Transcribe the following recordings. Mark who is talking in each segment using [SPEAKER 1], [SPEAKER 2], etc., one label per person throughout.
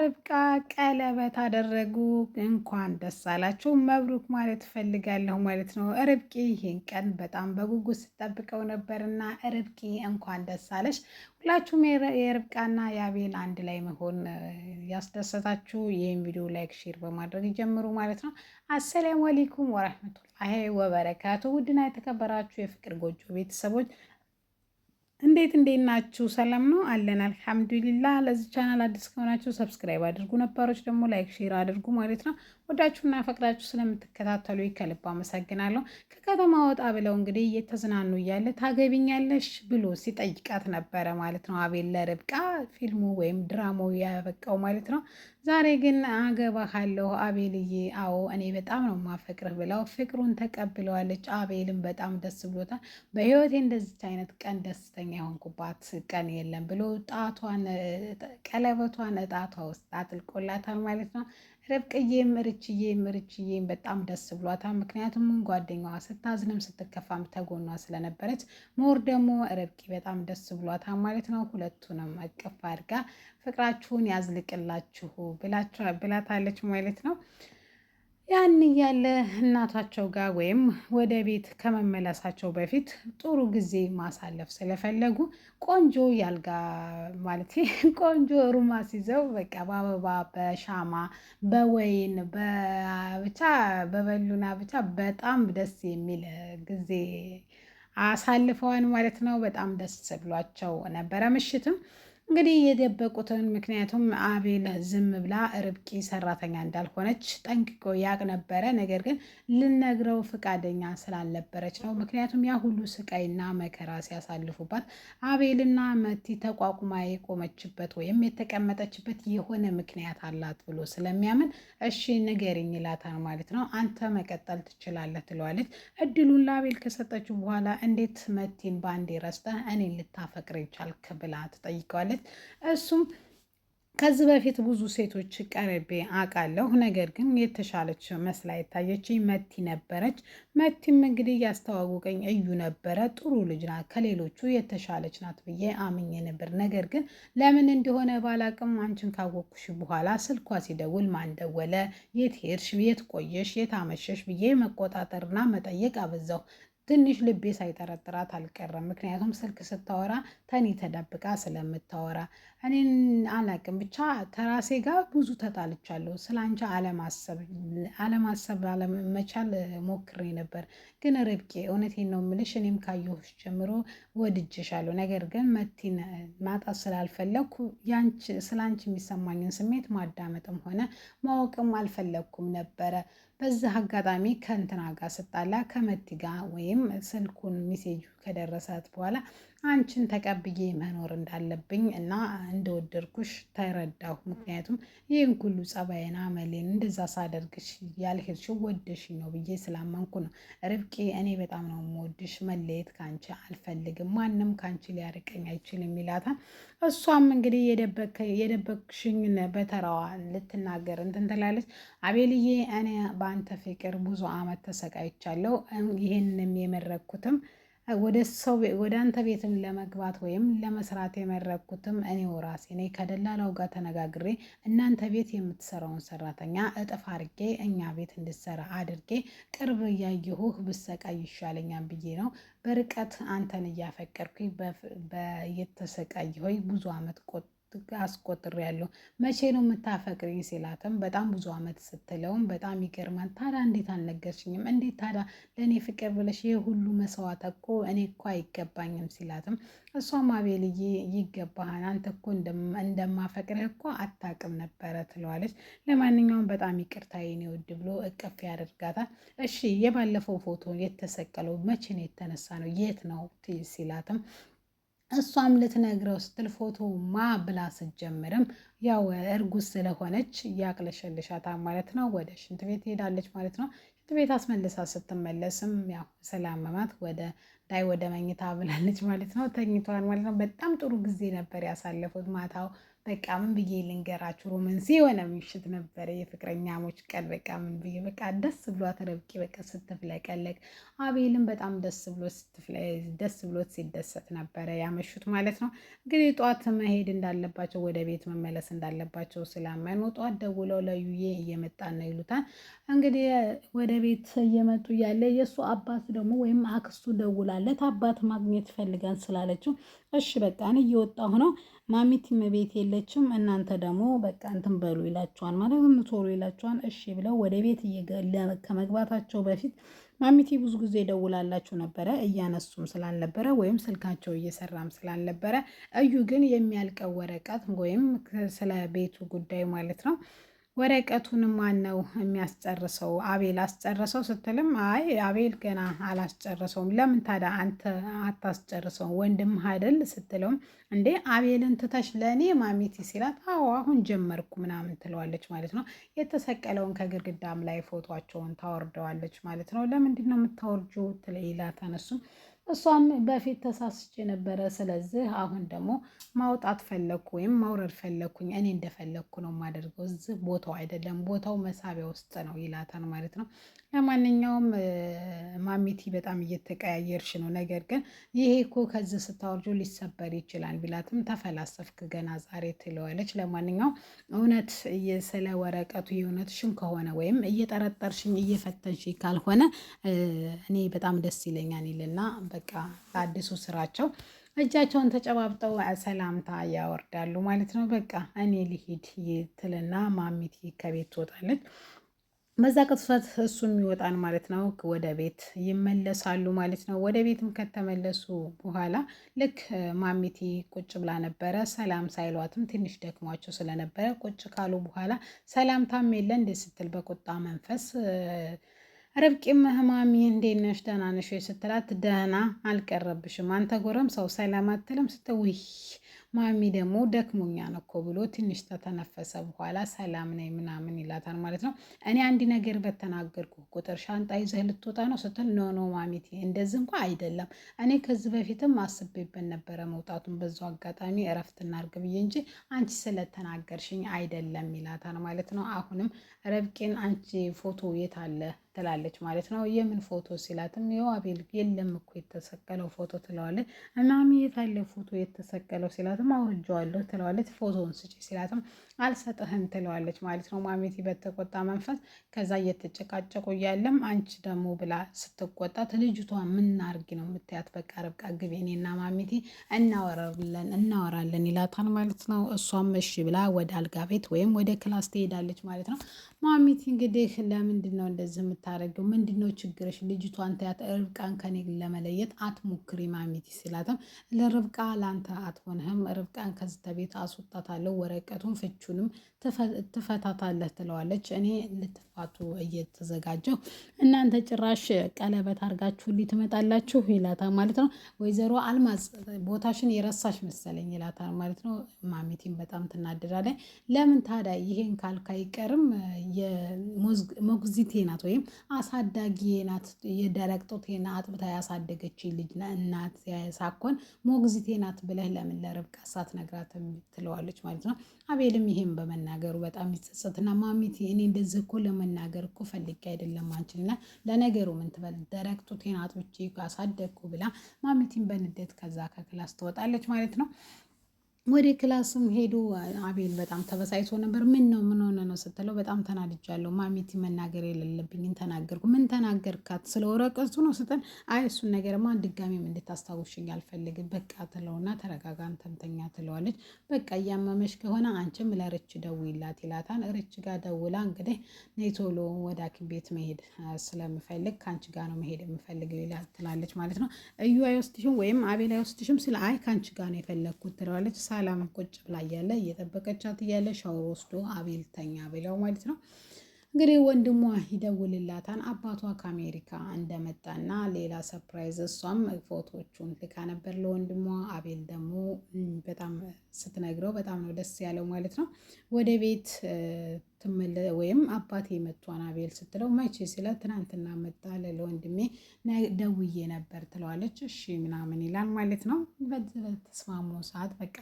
[SPEAKER 1] ርብቃ ቀለበት አደረጉ። እንኳን ደስ አላችሁ፣ መብሩክ ማለት እፈልጋለሁ ማለት ነው። ርብቂ ይህን ቀን በጣም በጉጉት ስጠብቀው ነበርና ርብቂ እንኳን ደስ አለሽ። ሁላችሁም የርብቃና የአቤል አንድ ላይ መሆን ያስደሰታችሁ ይህን ቪዲዮ ላይክ፣ ሼር በማድረግ ይጀምሩ ማለት ነው። አሰላሙ አለይኩም ወረህመቱላሂ ወበረካቱ። ውድና የተከበራችሁ የፍቅር ጎጆ ቤተሰቦች እንዴት እንዴት ናችሁ? ሰላም ነው አለን አልሐምዱሊላህ። ለዚህ ቻናል አዲስ ከሆናችሁ ሰብስክራይብ አድርጉ፣ ነባሮች ደግሞ ላይክ ሼር አድርጉ ማለት ነው። ወዳችሁና ፈቅዳችሁ ስለምትከታተሉ ከልብ አመሰግናለሁ። ከከተማ ወጣ ብለው እንግዲህ እየተዝናኑ እያለ ታገቢኛለሽ ብሎ ሲጠይቃት ነበረ ማለት ነው አቤል ለርብቃ ፊልሙ ወይም ድራማው ያበቃው ማለት ነው። ዛሬ ግን አገባሃለሁ አቤልዬ፣ አዎ እኔ በጣም ነው ማፈቅርህ ብለው ፍቅሩን ተቀብለዋለች። አቤልም በጣም ደስ ብሎታል። በህይወቴ እንደዚች አይነት ቀን ደስተኛ የሆንኩባት ቀን የለም ብሎ ጣቷን ቀለበቷን እጣቷ ውስጥ አጥልቆላታል ማለት ነው። ርብቅዬም ርችዬም ርችዬም በጣም ደስ ብሏታ ምክንያቱም ጓደኛዋ ስታዝንም ስትከፋም ተጎኗ ስለነበረች ሞር ደግሞ ርብቂ በጣም ደስ ብሏታ ማለት ነው። ሁለቱንም እቅፍ አድርጋ ፍቅራችሁን ያዝልቅላችሁ ብላታለች ማለት ነው። ያን እያለ እናታቸው ጋር ወይም ወደ ቤት ከመመለሳቸው በፊት ጥሩ ጊዜ ማሳለፍ ስለፈለጉ ቆንጆ ያልጋ ማለት ቆንጆ ሩማ ሲዘው በቃ በአበባ በሻማ በወይን ብቻ በበሉና ብቻ በጣም ደስ የሚል ጊዜ አሳልፈዋን ማለት ነው። በጣም ደስ ብሏቸው ነበረ ምሽትም እንግዲህ የደበቁትን ምክንያቱም አቤል ዝም ብላ ርብቂ ሰራተኛ እንዳልሆነች ጠንቅቆ ያቅ ነበረ። ነገር ግን ልነግረው ፈቃደኛ ስላልነበረች ነው። ምክንያቱም ያ ሁሉ ስቃይና መከራ ሲያሳልፉባት አቤልና መቲ ተቋቁማ የቆመችበት ወይም የተቀመጠችበት የሆነ ምክንያት አላት ብሎ ስለሚያምን እሺ ንገሪኝ ይላታል ማለት ነው። አንተ መቀጠል ትችላለህ ትለዋለች። እድሉን ለአቤል ከሰጠችው በኋላ እንዴት መቲን ባንዴ ረስተህ እኔን ልታፈቅር ይቻልክ ብላ ትጠይቀዋለች። ማለት እሱም ከዚህ በፊት ብዙ ሴቶች ቀርቤ አውቃለሁ። ነገር ግን የተሻለች መስላ የታየችኝ መቲ ነበረች። መቲም እንግዲህ ያስተዋወቀኝ እዩ ነበረ። ጥሩ ልጅ ናት፣ ከሌሎቹ የተሻለች ናት ብዬ አምኜ ነበር። ነገር ግን ለምን እንደሆነ ባላቅም አንቺን ካወቅኩሽ በኋላ ስልኳ ሲደውል ማን ደወለ፣ የት ሄድሽ፣ የት ቆየሽ፣ የት አመሸሽ ብዬ መቆጣጠርና መጠየቅ አበዛሁ። ትንሽ ልቤ ሳይጠረጥራት አልቀረም። ምክንያቱም ስልክ ስታወራ ተኔ ተደብቃ ስለምታወራ እኔን አላቅም። ብቻ ከራሴ ጋር ብዙ ተጣልቻለሁ። ስለ አንቺ አለማሰብ አለመቻል ሞክሬ ነበር። ግን ርብቄ እውነቴን ነው የምልሽ፣ እኔም ካየሁሽ ጀምሮ ወድጄሻለሁ። ነገር ግን መቲን ማጣት ስላልፈለግኩ ስለ አንቺ የሚሰማኝን ስሜት ማዳመጥም ሆነ ማወቅም አልፈለግኩም ነበረ በዛ አጋጣሚ ከእንትና ጋር ስጣላ ከመቲ ጋር ወይም ስልኩን ሚሴጁ ከደረሳት በኋላ አንቺን ተቀብዬ መኖር እንዳለብኝ እና እንደወደድኩሽ ተረዳሁ። ምክንያቱም ይህን ሁሉ ጸባይን፣ አመሌን እንደዛ ሳደርግሽ ያልሄድሽው ወደሽኝ ነው ብዬ ስላመንኩ ነው። ርብቂ፣ እኔ በጣም ነው የምወድሽ፣ መለየት ከአንቺ አልፈልግም፣ ማንም ከአንቺ ሊያርቀኝ አይችልም ይላታል። እሷም እንግዲህ የደበቅሽኝን በተራዋ ልትናገር እንትን ትላለች። አቤልዬ እኔ በአንተ ፍቅር ብዙ አመት ተሰቃይቻለሁ። ይህንም የመረኩትም ወደ ሰው ወደ አንተ ቤትም ለመግባት ወይም ለመስራት የመረኩትም እኔው ራሴ እኔ ከደላላው ጋር ተነጋግሬ እናንተ ቤት የምትሰራውን ሰራተኛ እጥፍ አድርጌ እኛ ቤት እንድሰራ አድርጌ ቅርብ እያየሁህ ብሰቃይ ይሻለኛል ብዬ ነው። በርቀት አንተን እያፈቀርኩኝ ሆይ ብዙ አመት ቆጥ አስቆጥሬ ያለው መቼ ነው የምታፈቅሪኝ ሲላትም በጣም ብዙ አመት ስትለውም በጣም ይገርማል። ታዲያ እንዴት አልነገርሽኝም? እንዴት ታዲያ ለእኔ ፍቅር ብለሽ ይህ ሁሉ መስዋዕት እኮ እኔ እኮ አይገባኝም ሲላትም እሷም አቤልዬ ይገባሃል፣ አንተ እኮ እንደማፈቅርህ እኮ አታውቅም ነበረ ትለዋለች። ለማንኛውም በጣም ይቅርታ የኔ ውድ ብሎ እቅፍ ያደርጋታል። እሺ የባለፈው ፎቶ የተሰቀለው መቼ ነው የተነሳ ነው የት ነው ሲላትም እሷም ልትነግረው ስትል ፎቶ ማ ብላ ስትጀምርም ያው እርጉዝ ስለሆነች እያቅለሸልሻታ ማለት ነው። ወደ ሽንት ቤት ትሄዳለች ማለት ነው። ሽንት ቤት አስመልሳ ስትመለስም ያው ስላመማት ወደ ላይ ወደ መኝታ ብላለች ማለት ነው። ተኝቷል ማለት ነው። በጣም ጥሩ ጊዜ ነበር ያሳለፉት ማታው በቃ ምን ብዬ ልንገራችሁ፣ ሮመንስ የሆነ ምሽት ነበረ፣ የፍቅረኛሞች ቀን። በቃ ምን ብዬ በቃ ደስ ብሏት ረብቄ በቃ ስትፍለቀለቅ፣ አቤልም በጣም ደስ ደስ ብሎት ሲደሰት ነበረ ያመሹት ማለት ነው። እንግዲህ ጠዋት መሄድ እንዳለባቸው ወደ ቤት መመለስ እንዳለባቸው ስላመኑ ጠዋት ደውለው ለዩዬ እየመጣ ነው ይሉታል። እንግዲህ ወደ ቤት እየመጡ እያለ የእሱ አባት ደግሞ ወይም አክስቱ ደውላለት አባት ማግኘት ፈልጋን ስላለችው እሺ በቃ እኔ እየወጣሁ ነው ማሚቲም ቤት የለችም፣ እናንተ ደግሞ በቃ እንትን በሉ ይላቸዋል ማለት ቶሎ ይላቸዋል። እሺ ብለው ወደ ቤት ከመግባታቸው በፊት ማሚቲ ብዙ ጊዜ ደውላላችሁ ነበረ፣ እያነሱም ስላልነበረ ወይም ስልካቸው እየሰራም ስላልነበረ፣ እዩ ግን የሚያልቀው ወረቀት ወይም ስለ ቤቱ ጉዳይ ማለት ነው ወረቀቱን ማን ነው የሚያስጨርሰው? አቤል አስጨርሰው ስትልም አይ አቤል ገና አላስጨርሰውም። ለምን ታዲያ አንተ አታስጨርሰው ወንድም አይደል ስትለውም እንዴ አቤልን ትተሽ ለእኔ ማሚቲ ሲላት አዎ አሁን ጀመርኩ ምናምን ትለዋለች ማለት ነው። የተሰቀለውን ከግድግዳም ላይ ፎቶቸውን ታወርደዋለች ማለት ነው። ለምንድን ነው የምታወርጁ? ትለይላ ተነሱም እሷም በፊት ተሳስቼ ነበረ፣ ስለዚህ አሁን ደግሞ ማውጣት ፈለግኩ ወይም ማውረድ ፈለግኩኝ። እኔ እንደፈለግኩ ነው የማደርገው፣ እዚህ ቦታው አይደለም፣ ቦታው መሳቢያ ውስጥ ነው ይላታል ማለት ነው። ለማንኛውም ማሚቲ በጣም እየተቀያየርሽ ነው፣ ነገር ግን ይሄ እኮ ከዚህ ስታወርጆ ሊሰበር ይችላል ቢላትም ተፈላሰፍክ ገና ዛሬ ትለዋለች። ለማንኛውም እውነት ስለ ወረቀቱ የእውነትሽን ከሆነ ወይም እየጠረጠርሽኝ እየፈተንሽ ካልሆነ እኔ በጣም ደስ ይለኛል ይልና በቃ ለአዲሱ ስራቸው እጃቸውን ተጨባብጠው ሰላምታ ያወርዳሉ ማለት ነው። በቃ እኔ ልሂድ ትልና ማሚቲ ከቤት ትወጣለች። መዛቀት ሰዓት እሱም ይወጣል ማለት ነው። ወደ ቤት ይመለሳሉ ማለት ነው። ወደ ቤትም ከተመለሱ በኋላ ልክ ማሚቲ ቁጭ ብላ ነበረ። ሰላም ሳይሏትም ትንሽ ደክሟቸው ስለነበረ ቁጭ ካሉ በኋላ ሰላምታም የለ እንዴ ስትል በቁጣ መንፈስ ርብቃም ህማሚ እንዴት ነሽ? ደህና ነሽ ስትላት ደህና አልቀረብሽም አንተ ጎረም ሰው ሰላም አትልም ስትውይ ማሚ ደግሞ ደክሞኛ ነው እኮ ብሎ ትንሽ ተተነፈሰ በኋላ ሰላም ነኝ ምናምን ይላታል ማለት ነው። እኔ አንድ ነገር በተናገርኩ ቁጥር ሻንጣ ይዘህ ልትወጣ ነው ስትል ኖ ኖ ማሚቴ እንደዚህ እንኳ አይደለም። እኔ ከዚህ በፊትም አስቤበት ነበረ መውጣቱን፣ በዛው አጋጣሚ እረፍት እናርግ ብዬ እንጂ አንቺ ስለተናገርሽኝ አይደለም ይላታል ማለት ነው። አሁንም ረብቄን አንቺ ፎቶ የት አለ ትላለች ማለት ነው። የምን ፎቶ ሲላትም ያው አቤል የለም እኮ የተሰቀለው ፎቶ ትለዋለች። እና የታለ ፎቶ የተሰቀለው ሲላትም አውርጄዋለሁ ትለዋለች። ፎቶውን ስጪ ሲላትም አልሰጥህም ትለዋለች ማለት ነው። ማሜቲ በተቆጣ መንፈስ ከዛ እየተጨቃጨቁ እያለም አንቺ ደግሞ ብላ ስትቆጣት ልጅቷ ምናርጊ ነው የምትያት? በቃ ርብቃ ግቢ እኔና ማሜቲ እናወራለን እናወራለን ይላታል ማለት ነው። እሷም እሺ ብላ ወደ አልጋ ቤት ወይም ወደ ክላስ ትሄዳለች ማለት ነው። ማሜቲ እንግዲህ ለምንድን ነው እንደዚህ የምታደርገው? ምንድን ነው ችግርሽ? ልጅቷን ታያት። ርብቃን ከኔ ለመለየት አትሞክሪ ማሜቲ ሲላትም ለርብቃ ለአንተ አትሆንህም፣ ርብቃን ከዚህ ቤት አስወጣታለሁ፣ ወረቀቱን ፍቹ ሁለታችሁንም ትፈታታለህ ትለዋለች። እኔ ልትፋቱ እየተዘጋጀው እናንተ ጭራሽ ቀለበት አድርጋችሁልኝ ትመጣላችሁ ይላታል ማለት ነው። ወይዘሮ አልማዝ ቦታሽን የረሳሽ መሰለኝ ይላታል ማለት ነው። ማሚቲን በጣም ትናደዳለች። ለምን ታዲያ ይሄን ካልክ አይቀርም ሞግዚቴ ናት ወይም አሳዳጊ ናት የደረቅ ጦቴና አጥብታ ያሳደገች ልጅ እናት ሳኮን ሞግዚቴ ናት ብለህ ለምን ለርብቃ ሳትነግራት ትለዋለች ማለት ነው። አቤልም ይህም በመናገሩ በጣም ይጸጸትና ማሚት እኔ እንደዚህ እኮ ለመናገር እኮ ፈልጌ አይደለም አንችልና ለነገሩ ምን ትበል ደረቅቱ ጡቴን አጥብቼ አሳደግኩ ብላ ማሚቲን በንዴት ከዛ ከክላስ ትወጣለች ማለት ነው። ወደ ክላስም ሄዱ። አቤል በጣም ተበሳይቶ ነበር። ምን ነው ምን ሆነ ነው ስትለው በጣም ተናድጃለሁ ማሚቲ መናገር የሌለብኝን ተናገርኩ። ምን ተናገርካት? ስለ ወረቀቱ ነው ስትል አይ እሱን ነገርማ ድጋሚም እንድታስታውሽኝ አልፈልግም በቃ ትለውና ተረጋጋ ተንተኛ ትለዋለች። በቃ እያመመሽ ከሆነ አንቺም ለርች ደውይላት ይላታል። ርች ጋር ደውላ እንግዲህ ነይ ቶሎ ወደ ሐኪም ቤት መሄድ ስለምፈልግ ከአንቺ ጋር ነው መሄድ የምፈልግ ትላለች ማለት ነው። እዩ አይወስድሽም ወይም አቤል አይወስድሽም ስለ አይ ከአንቺ ጋር ነው የፈለግኩት ትለዋለች። ሰላም ቁጭ ብላ እያለ እየጠበቀቻት እያለ ሻወር ወስዶ አቤል ተኛ ብለው ማለት ነው። እንግዲህ ወንድሟ ይደውልላታን አባቷ ከአሜሪካ እንደመጣና ሌላ ሰርፕራይዝ እሷም ፎቶቹን ልካ ነበር ለወንድሟ። አቤል ደግሞ በጣም ስትነግረው በጣም ነው ደስ ያለው ማለት ነው። ወደ ቤት ትመለ ወይም አባቴ መቷን አቤል ስትለው መቼ ስለ ትናንትና መጣ ለወንድሜ ደውዬ ነበር ትለዋለች። እሺ ምናምን ይላል ማለት ነው። በተስማሙ ሰዓት በቃ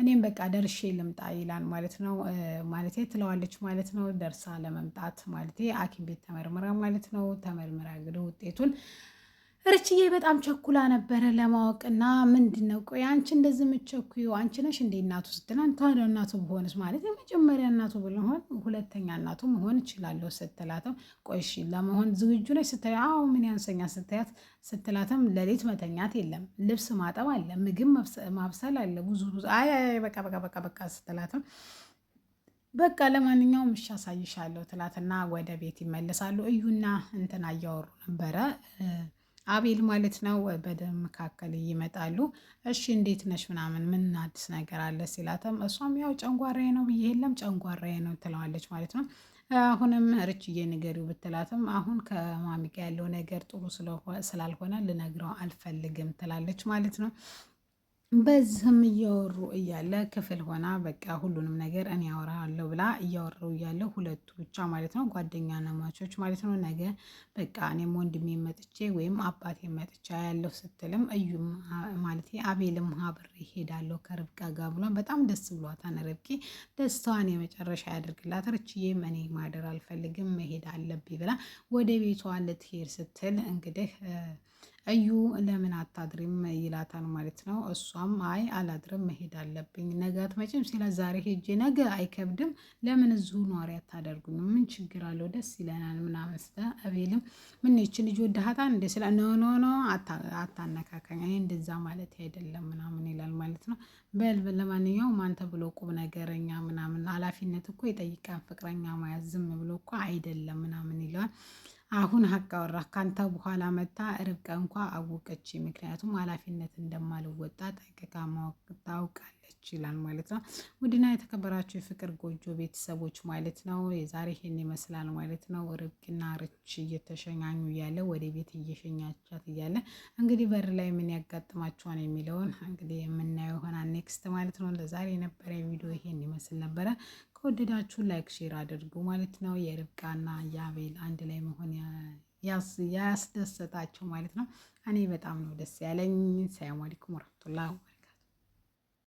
[SPEAKER 1] እኔም በቃ ደርሼ ልምጣ ይላል ማለት ነው። ማለት ትለዋለች ማለት ነው። ደርሳ ለመምጣት ማለት ሐኪም ቤት ተመርምራ ማለት ነው። ተመርምራ እንግዲህ ውጤቱን ርችዬ በጣም ቸኩላ ነበረ ለማወቅና ምንድን ነው ቆይ አንቺ እንደዚህ የምትቸኩዩ አንቺ ነሽ እንደ እናቱ ስትላን ታዲያ እናቱ ብሆንስ ማለት የመጀመሪያ እናቱ ብሆን ሁለተኛ እናቱ መሆን እችላለሁ ስትላትም ቆይ ለመሆን ዝግጁ ነች ስታይ አዎ ምን ያንሰኛ ስታያት ስትላትም ለሌት መተኛት የለም ልብስ ማጠብ አለ ምግብ ማብሰል አለ ብዙ ብዙ አይ በቃ በቃ በቃ በቃ ስትላትም በቃ ለማንኛውም እሺ አሳይሻለሁ ትላትና ወደ ቤት ይመለሳሉ። እዩና እንትና እያወሩ ነበረ አቤል ማለት ነው በደም መካከል ይመጣሉ። እሺ እንዴት ነሽ ምናምን ምን አዲስ ነገር አለ ሲላትም እሷም ያው ጨንጓራዬ ነው ብዬ የለም ጨንጓራዬ ነው ትለዋለች ማለት ነው። አሁንም ርችዬ ንገሪው ብትላትም አሁን ከማሚቃ ያለው ነገር ጥሩ ስላልሆነ ልነግረው አልፈልግም ትላለች ማለት ነው። በዚህም እያወሩ እያለ ክፍል ሆና በቃ ሁሉንም ነገር እኔ ያወራለሁ ብላ እያወራው እያለ ሁለቱ ብቻ ማለት ነው ጓደኛ ነማቾች ማለት ነው። ነገ በቃ እኔም ወንድሜ መጥቼ ወይም አባቴ መጥቻ ያለው ስትልም እዩም ማለት አቤልም ሀብሬ ሄዳለሁ ከርብቃ ጋር ብሏን በጣም ደስ ብሏታን። ርብቃ ደስታዋን የመጨረሻ ያደርግላት። ርችዬ እኔ ማደር አልፈልግም መሄድ አለብኝ ብላ ወደ ቤቷ ልትሄድ ስትል እንግዲህ እዩ ለምን አታድሪም ይላታል ማለት ነው። እሷም አይ አላድርም መሄድ አለብኝ ነገ አትመጭም ሲላ ዛሬ ሄጄ ነገ አይከብድም ለምን እዚሁ ኗሪ አታደርጉኝ ምን ችግር አለው ደስ ይለናል ምናምን ስለ አቤልም ምን ይችን ልጅ ወዳሃታ እንደ ስለ ኖ ኖ ኖ አታነካከኝ፣ እኔ እንደዛ ማለት አይደለም ምናምን ይላል ማለት ነው። በል ለማንኛውም አንተ ብሎ ቁብ ነገረኛ ምናምን ኃላፊነት እኮ የጠይቀን ፍቅረኛ መያዝ ዝም ብሎ እኮ አይደለም ምናምን ይለዋል። አሁን ሀቅ አወራ ካንተ በኋላ መታ ርብቃ እንኳ አወቀች። ምክንያቱም ኃላፊነት እንደማልወጣ ጠንቅቃ ማወቅ ታውቃለች ይላል ማለት ነው። ውድና የተከበራችሁ የፍቅር ጎጆ ቤተሰቦች ማለት ነው የዛሬ ይህን ይመስላል ማለት ነው። ርብቅና ርች እየተሸኛኙ እያለ ወደ ቤት እየሸኛቻት እያለ እንግዲህ በር ላይ ምን ያጋጥማቸዋን የሚለውን እንግዲህ የምናየው ሆና ኔክስት ማለት ነው። ለዛሬ የነበረ ቪዲዮ ይሄን ይመስል ነበረ። ከወደዳችሁ ላይክ ሼር አድርጉ ማለት ነው። የርብቃና የአቤል አንድ ላይ መሆን ያስደሰታቸው ማለት ነው። እኔ በጣም ነው ደስ ያለኝ። ሰላም አለይኩም ወረህመቱላህ